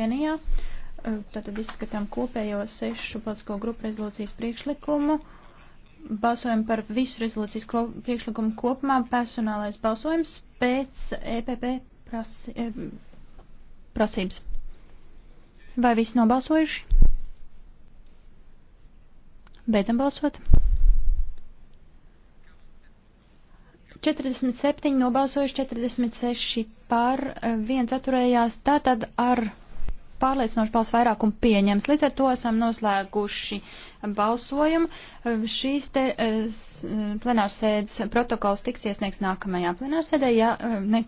Kenijā. Eh, tātad izskatām kopējo sešu politisko grupu rezolūcijas priekšlikumu. Balsojam par visu rezolūcijas priekšlikumu kopumā. Personālais balsojums pēc EPP prasi, e, prasības. Vai visi nobalsojuši? Beidzam balsot. 47 nobalsojuši, 46 par, 1 eh, atturējās. Tātad ar pārliecinoši balsu vairākumu pieņems. Līdz ar to esam noslēguši balsojumu. Šīs te eh, eh, plenārsēdes protokols tiks iesniegts nākamajā plenārsēdē, ja eh, ne